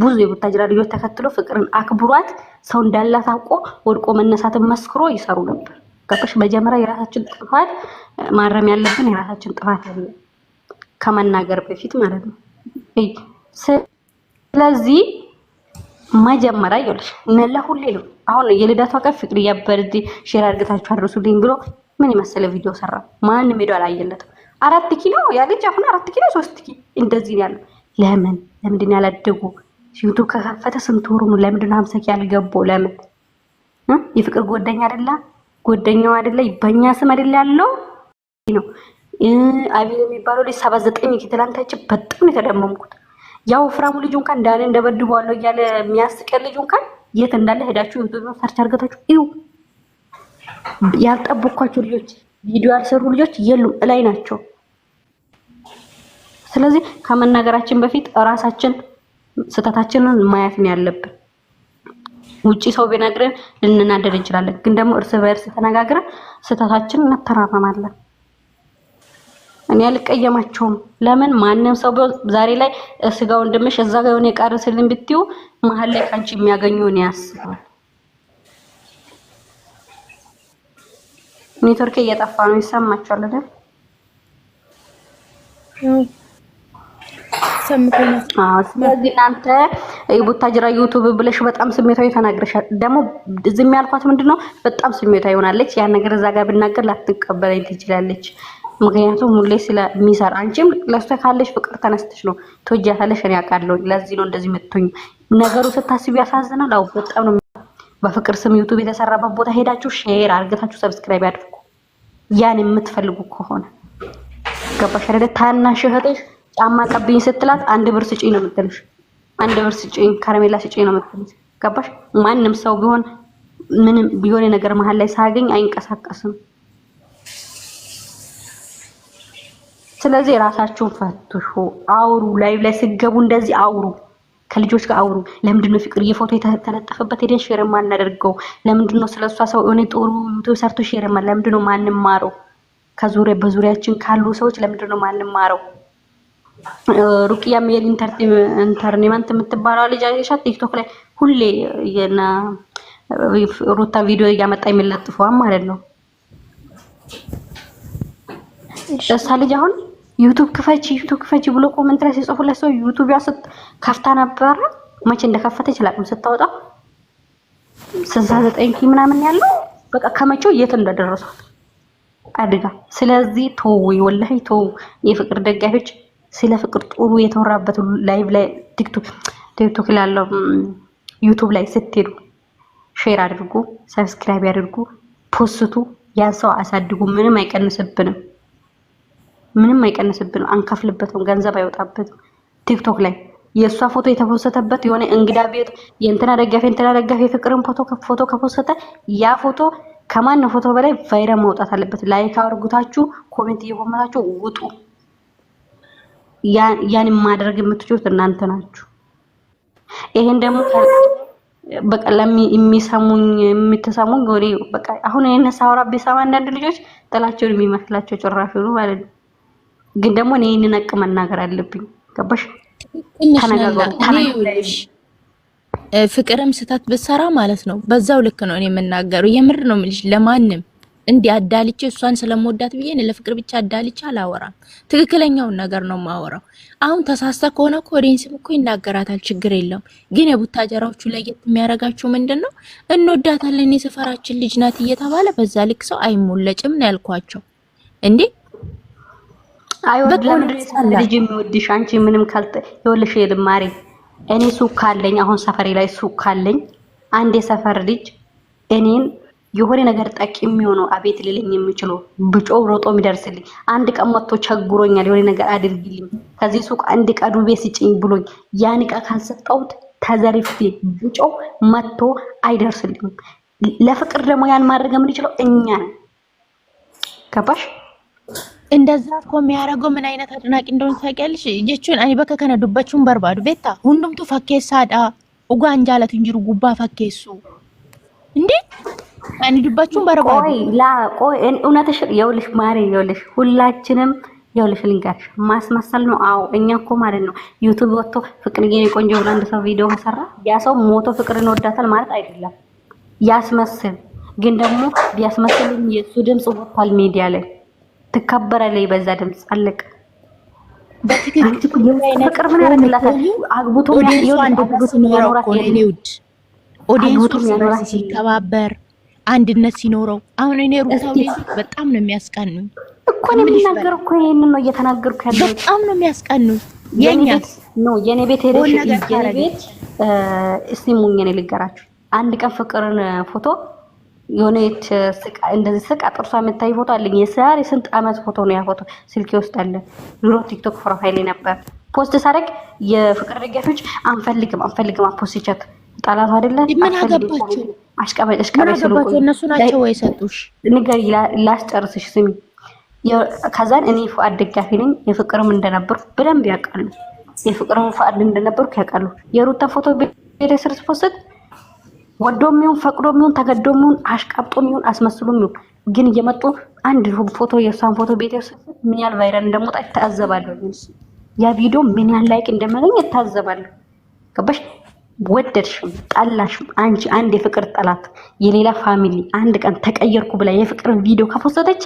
ብዙ የቡታጅራ ልጆች ተከትሎ ፍቅርን አክብሯት ሰው እንዳላት አውቆ ወድቆ መነሳትን መስክሮ ይሰሩ ነበር። ከቅሽ መጀመሪያ የራሳችን ጥፋት ማረም ያለብን የራሳችን ጥፋት ያለ ከመናገር በፊት ማለት ነው። ስለዚህ መጀመሪያ ይኸውልሽ ለሁሌ ነው። አሁን የልደቷ ቀን ፍቅር በርድ ሼር አድርጋችሁ አድርሱልኝ ብሎ ምን የመሰለ ቪዲዮ ሰራ። ማንም ሄዶ አላየለትም። አራት ኪሎ ያ ልጅ አሁን አራት ኪሎ ሶስት ኪሎ እንደዚህ ነው ያለው። ለምን ለምንድን ያላደጉ ዩቱብ ከከፈተ ስንት ወሩ ነው? ለምንድን ሀምሳ ኪ ያልገባው? ለምን የፍቅር ጎደኛ አይደለ? ጎደኛው አይደለ? በእኛ ስም አይደለ ያለው ነው። አቤል የሚባለው ልጅ ሰባ ዘጠኝ ኪ በጣም የተደመምኩት። ያው ፍራሙ ልጅ እንኳን እንዳኔ እንደበድበዋለሁ እያለ የሚያስቀር ልጅ እንኳን የት እንዳለ ሄዳችሁ ዩቱብ ሰርች አድርጋችሁ እዩ። ያልጠበኳቸው ልጆች፣ ቪዲዮ ያልሰሩ ልጆች የሉም፣ እላይ ናቸው። ስለዚህ ከመናገራችን በፊት እራሳችን ስህተታችንን ማየት ነው ያለብን። ውጭ ሰው ቢነግረን ልንናደድ እንችላለን፣ ግን ደግሞ እርስ በእርስ ተነጋግረን ስህተታችንን እንተራረማለን። እኔ አልቀየማቸውም። ለምን ማንም ሰው ዛሬ ላይ ስጋ ወንድምሽ እዛ ጋ የሆነ የቃር ስልን ብትዩ መሀል ላይ ከአንቺ የሚያገኘውን ያስባል። ኔትወርክ እየጠፋ ነው፣ ይሰማችኋል አይደል? አሰምቶኛል። ስለዚህ እናንተ የቡታጅራ ዩቱብ ብለሽ በጣም ስሜታዊ ተናግረሻል። ደግሞ ዝም ያልኳት ምንድን ነው በጣም ስሜታዊ ሆናለች። ያን ነገር እዛ ጋር ብናገር ላትቀበለኝ ትችላለች። ምክንያቱም ሁሌ ስለሚሰራ አንቺም ለሷ ካለሽ ፍቅር ተነስተሽ ነው ትወጃታለሽ። እኔ አውቃለሁ። ለዚህ ነው እንደዚህ የምትሆኝ። ነገሩ ስታስቢ ያሳዝናል። አዎ በጣም ነው። በፍቅር ስም ዩቱብ የተሰራበት ቦታ ሄዳችሁ ሼር አድርጋችሁ ሰብስክራይብ አድርጉ ያን የምትፈልጉ ከሆነ ገባሽ አይደለ? ታናሽ እህትሽ ጫማ ቀብኝ ስትላት አንድ ብር ስጪኝ ነው የምትልሽ። አንድ ብር ስጪኝ፣ ከረሜላ ስጪኝ ነው የምትልሽ። ገባሽ? ማንም ሰው ቢሆን ምንም ቢሆን የነገር መሀል ላይ ሳገኝ አይንቀሳቀስም። ስለዚህ ራሳችሁን ፈትሹ፣ አውሩ። ላይቭ ላይ ስገቡ እንደዚህ አውሩ፣ ከልጆች ጋር አውሩ። ለምንድን ነው ፍቅር የፎቶ የተለጠፈበት ሄደን ሼር የማናደርገው? ለምንድን ነው ስለሷ ሰው የሆነ ጥሩ ዩቱብ ሰርቶ ሼር የማናደርገው? ለምንድን ነው ማንማረው? ከዙሪያ በዙሪያችን ካሉ ሰዎች ለምንድን ነው ማንማረው? ሩቅያ ሜል ኢንተርቴንመንት የምትባለው ልጅ አይሻ ቲክቶክ ላይ ሁሌ የና ሩታ ቪዲዮ እያመጣ የሚለጥፈዋል ማለት ነው። እሷ ልጅ አሁን ዩቱብ ክፈች ዩቱብ ክፈች ብሎ ኮመንት ላይ ሲጽፉለት ሰው ዩቱብ ያስት ከፍታ ነበረ። መቼ እንደከፈተች አላውቅም። ስታወጣ ስልሳ ዘጠኝ ኪ ምናምን ያለው በቃ ከመቼው የት እንደደረሷት አድጋ። ስለዚህ ተው፣ ወላሂ ተው የፍቅር ደጋፊዎች ስለ ፍቅር ጥሩ የተወራበት ላይቭ ላይ ቲክቶክ ላለው ዩቱብ ላይ ስትሄዱ ሼር አድርጉ፣ ሰብስክራይብ አድርጉ፣ ፖስቱ። ያን ሰው አሳድጉ። ምንም አይቀንስብንም፣ ምንም አይቀንስብንም። አንከፍልበትም፣ ገንዘብ አይወጣበትም። ቲክቶክ ላይ የእሷ ፎቶ የተፈሰተበት የሆነ እንግዳ ቤት የእንትና ደጋፊ እንትና ደጋፊ ፍቅርን ፎቶ ከፈሰተ ያ ፎቶ ከማን ፎቶ በላይ ቫይረል መውጣት አለበት። ላይክ አድርጉታችሁ፣ ኮሜንት እየኮመታችሁ ውጡ። ያን ማድረግ የምትችሉት እናንተ ናችሁ። ይሄን ደግሞ በቃ የሚሰሙኝ የምትሰሙኝ ወሬ በቃ አሁን እኔ ሳወራ ቢሰማ አንዳንድ ልጆች ጥላቸውን የሚመስላቸው ጭራሽ ነው ማለት ነው። ግን ደግሞ እኔ ይህንን ነቅ መናገር አለብኝ። ገባሽ? ፍቅርም ስህተት ብትሰራ ማለት ነው በዛው ልክ ነው እኔ የምናገረው። የምር ነው የምልሽ ለማንም እንዲህ አዳልቼ እሷን ስለምወዳት ብዬ እኔ ለፍቅር ብቻ አዳልቼ አላወራም። ትክክለኛውን ነገር ነው ማወራው። አሁን ተሳስተ ከሆነ እኮ ኦዲየንስም እኮ ይናገራታል፣ ችግር የለውም። ግን የቡታጀራዎቹ ለየት የሚያደርጋችሁ ምንድን ነው? እንወዳታለን የሰፈራችን ልጅ ናት እየተባለ በዛ ልክ ሰው አይሞለጭም ነው ያልኳቸው። እንዴ ልጅ የሚወድሽ አንቺ ምንም ካልተ የወለሽ የልማሪ እኔ ሱቅ ካለኝ አሁን ሰፈሬ ላይ ሱቅ ካለኝ አንድ የሰፈር ልጅ እኔን የሆነ ነገር ጠቅ የሚሆነው አቤት ሊለኝ የሚችለው ብጮ ሮጦ የሚደርስልኝ አንድ ቀን መጥቶ ቸግሮኛል፣ የሆነ ነገር አድርግልኝ፣ ከዚህ ሱቅ አንድ ዕቃ ዱቤ ስጭኝ ብሎኝ ያን ዕቃ ካልሰጠሁት ተዘርፌ ብጮ መጥቶ አይደርስልኝም። ለፍቅር ደግሞ ያን ማድረግ የምንችለው እኛ ነን። ገባሽ? እንደዛ እኮ የሚያደርገው ምን አይነት አድናቂ እንደሆነ ታውቂያለሽ? ጀቹን አኒ በከ ከነ ዱበቹን በርባዱ ቤታ ሁንዱምቱ ፈኬሳዳ ኡጋን ኡጋንጃለት እንጅሩ ጉባ ፈኬሱ እንዴ እኔ ዱባችሁን ቆይ ላ ቆይ እውነትሽ የውልሽ ማሪ የውልሽ ሁላችንም የውልሽ ልንገርሽ ማስመሰል ነው። አዎ እኛ እኮ ማለት ነው ዩቲዩብ ወጥቶ ፍቅር ግን ቆንጆ ብሎ አንድ ሰው ቪዲዮ ከሰራ ያ ሰው ሞቶ ፍቅርን ወዳታል ማለት አይደለም። ያስመስል ግን ደግሞ ቢያስመስልም የሱ ድምጽ ወጥቷል ሚዲያ ላይ ትከበራለች። በዛ ድምጽ አለቅ በትክክል ፍቅር ምን ያደርግላታል? አግብቶ ያኖራት ኦዲየንሱ ሲከባበር አንድነት ሲኖረው አሁን እኔ ሩታ በጣም ነው የሚያስቀኑኝ እኮ ነው የሚናገር እኮ ይሄንን ነው እየተናገርኩ ያለው። በጣም ነው የሚያስቀኑኝ። የኛ ነው የኔ ቤት ሄደሽ የኔ ቤት እስቲ ሙኝ እኔ ልገራችሁ አንድ ቀን ፍቅርን ፎቶ የሆነች ስቃ እንደዚህ ስቃ ጥርሷ የምታይ ፎቶ አለኝ። የሳር ስንት አመት ፎቶ ነው ያ ፎቶ ስልኬ ውስጥ አለ። ድሮ ቲክቶክ ፕሮፋይሌ ነበር። ፖስት ሳደርግ የፍቅር ደጋፊዎች አንፈልግም አንፈልግም አፖስት ይቻት ጣላቱ አይደለም ምን አገባቸው አሽቃባጭ አሽቃባጭ ስለሆነ እነሱ ናቸው ወይ ሰጡሽ? ንገሪ ላስጨርስሽ። ስሚ ከዛን እኔ ፉአድ ደጋፊ ነኝ። የፍቅርም እንደነበርኩ በደንብ ያውቃሉ። የፍቅርም ፉአድ እንደነበርኩ ያውቃሉ። የሩታ ፎቶ ቤት ስር ስፖስት ወዶ የሚሆን ፈቅዶ የሚሆን ተገዶ የሚሆን አሽቃብጦ የሚሆን አስመስሎ የሚሆን ግን እየመጡ አንድ ፎቶ የእሷን ፎቶ ቤት ስር ምን ያህል ቫይራል እንደመውጣ ይታዘባለሁ። ያ ቪዲዮ ምን ያህል ላይክ እንደማገኝ ይታዘባለሁ። ገባሽ? ወደድሽም ጠላሽም አንቺ አንድ የፍቅር ጠላት የሌላ ፋሚሊ አንድ ቀን ተቀየርኩ ብላ የፍቅር ቪዲዮ ከፎሰተች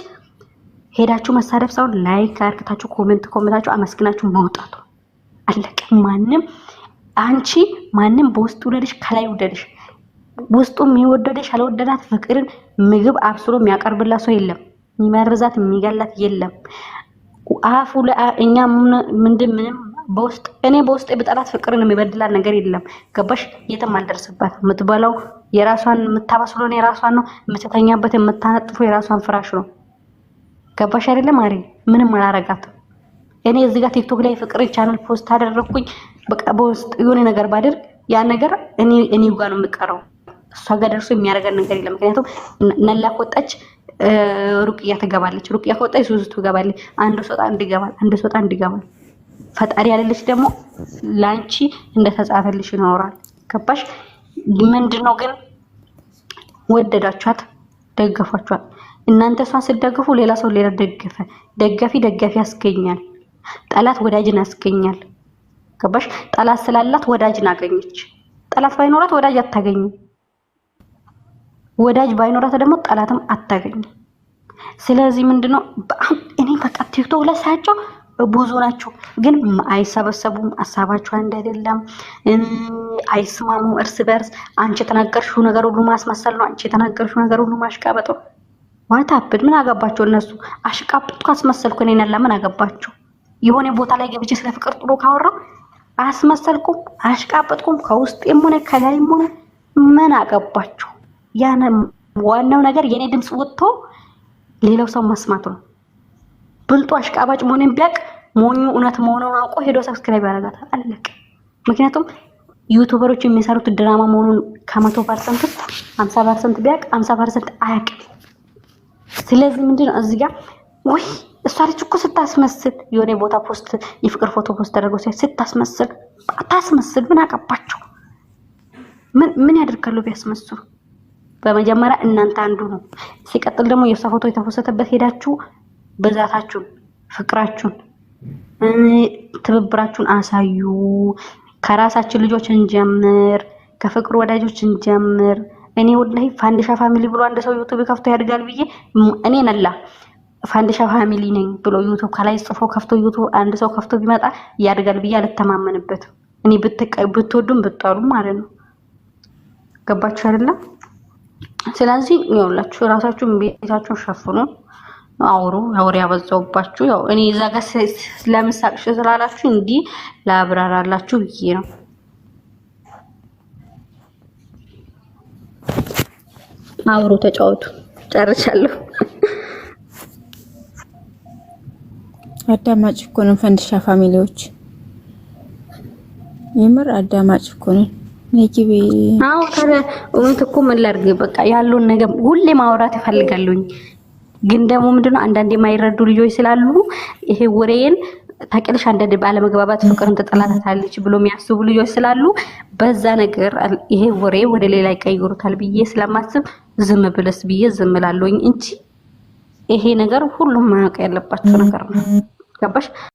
ሄዳችሁ መሳደብ ሳይሆን ላይክ አርክታችሁ ኮሜንት ኮሜንታችሁ አመስግናችሁ መውጣቱ አለቀ። ማንም አንቺ ማንም በውስጥ ውደድሽ ከላይ ውደድሽ ውስጡ የሚወደደሽ አልወደዳት ፍቅርን ምግብ አብስሎ የሚያቀርብላት ሰው የለም። የሚመርዛት የሚገላት የለም። አፉ እኛ ምንድን ምንም በውስጥ እኔ በውስጥ ብጠላት ፍቅርን የሚበድላት ነገር የለም። ገባሽ? የትም አልደርስባት። የምትበላው የራሷን የምታበስሎን የራሷን ነው። የምትተኛበት የምታነጥፎ የራሷን ፍራሽ ነው። ገባሽ አይደለም? አሬ ምንም አላረጋትም። እኔ እዚህ ጋር ቲክቶክ ላይ ፍቅርን ቻናል ፖስት አደረኩኝ። በቃ በውስጥ የሆነ ነገር ባደርግ ያ ነገር እኔ እኔ ጋር ነው የምቀረው። እሷ ጋር ደርሶ የሚያደርገን ነገር የለም። ምክንያቱም ነላ ከወጣች ሩቅያ ትገባለች፣ ሩቅያ ከወጣች ሱዙ ትገባለች። አንድ ሶጣ አንድ አንድ ሶጣ አንድ ፈጣሪ ያለልሽ ደግሞ ላንቺ እንደተጻፈልሽ ይኖራል። ገባሽ? ምንድነው ግን ወደዳችኋት፣ ደገፋችኋት። እናንተ እሷን ስትደግፉ ሌላ ሰው ሌላ ደገፈ። ደጋፊ ደጋፊ ያስገኛል፣ ጠላት ወዳጅን ያስገኛል። ገባሽ? ጠላት ስላላት ወዳጅን አገኘች። ጠላት ባይኖራት ወዳጅ አታገኝም። ወዳጅ ባይኖራት ደግሞ ጠላትም አታገኝም። ስለዚህ ምንድነው እኔ በቃ ቲክቶክ ላይ ሳያቸው ብዙ ናቸው፣ ግን አይሰበሰቡም። ሀሳባቸው አንድ አይደለም፣ አይስማሙም እርስ በርስ። አንቺ የተናገርሽው ነገር ሁሉ ማስመሰል ነው። አንቺ የተናገርሽው ነገር ሁሉ ማሽቃበጥ ነው። ዋታብድ ምን አገባቸው እነሱ? አሽቃብጡ አስመሰልኩ እኔ ነላ ምን አገባቸው? የሆነ ቦታ ላይ ገብቼ ስለ ፍቅር ጥሩ ካወራው አስመሰልኩም አሽቃበጥኩም ከውስጤም ሆነ ከላይም ሆነ ምን አገባቸው? ያን ዋናው ነገር የኔ ድምፅ ወጥቶ ሌላው ሰው መስማቱ ነው። ብልጡ አሽቃባጭ መሆኔን ቢያቅ ሞኙ እውነት መሆኑን አውቆ ሄዶ ሰብስክራይብ ያደርጋታል። አለቀ። ምክንያቱም ዩቱበሮች የሚሰሩት ድራማ መሆኑን ከመቶ ፐርሰንት ውስጥ ሀምሳ ፐርሰንት ቢያውቅ ሀምሳ ፐርሰንት ስለዚህ ምንድን ነው እዚጋ ወይ እሷ ልጅ እኮ ስታስመስል የሆነ ቦታ ፖስት የፍቅር ፎቶ ፖስት ተደርጎ ሲያ ስታስመስል ታስመስል ምን አቀባቸው? ምን ምን ያደርጋሉ ቢያስመስሉ? በመጀመሪያ እናንተ አንዱ ነው። ሲቀጥል ደግሞ የእሷ ፎቶ የተፈሰተበት ሄዳችሁ በዛታችሁን ፍቅራችሁን ትብብራችሁን አሳዩ። ከራሳችን ልጆች እንጀምር፣ ከፍቅር ወዳጆች እንጀምር። እኔ ወላሂ ፋንዲሻ ፋሚሊ ብሎ አንድ ሰው ዩቱብ ከፍቶ ያድጋል ብዬ እኔ ነላ ፋንዲሻ ፋሚሊ ነኝ ብሎ ዩቱብ ከላይ ጽፎ ከፍቶ ዩቱብ አንድ ሰው ከፍቶ ቢመጣ ያድጋል ብዬ አልተማመንበትም። እኔ ብትወዱም ብትጠሉም ማለት ነው። ገባችሁ አይደለም? ስለዚህ ይኸውላችሁ ራሳችሁን ቤታችሁን ሸፍኑ። አውሩ አውሬ ያበዛውባችሁ። ያው እኔ እዛ ጋር ለምሳቅሽ ስላላችሁ እንዲህ ላብራራላችሁ ብዬ ነው። አውሩ፣ ተጫወቱ። ጨርሻለሁ። አዳማጭ እኮ ነን ፈንድሻ ፋሚሊዎች፣ የምር አዳማጭ እኮ ነን። ነጊቢ አው ታዲያ እውነት እኮ ምን ላድርግ፣ በቃ ያለውን ነገር ሁሌ ማውራት ይፈልጋሉኝ። ግን ደግሞ ምንድነው አንዳንድ የማይረዱ ልጆች ስላሉ ይሄ ወሬን ታውቂያለሽ፣ አንዳንድ ባለመግባባት ፍቅርን ትጠላታለች ብሎ የሚያስቡ ልጆች ስላሉ በዛ ነገር ይሄ ወሬ ወደ ሌላ ይቀይሩታል ብዬ ስለማስብ ዝም ብለስ ብዬ ዝም እላለሁኝ እንጂ ይሄ ነገር ሁሉም ማወቅ ያለባቸው ነገር ነው። ገባሽ?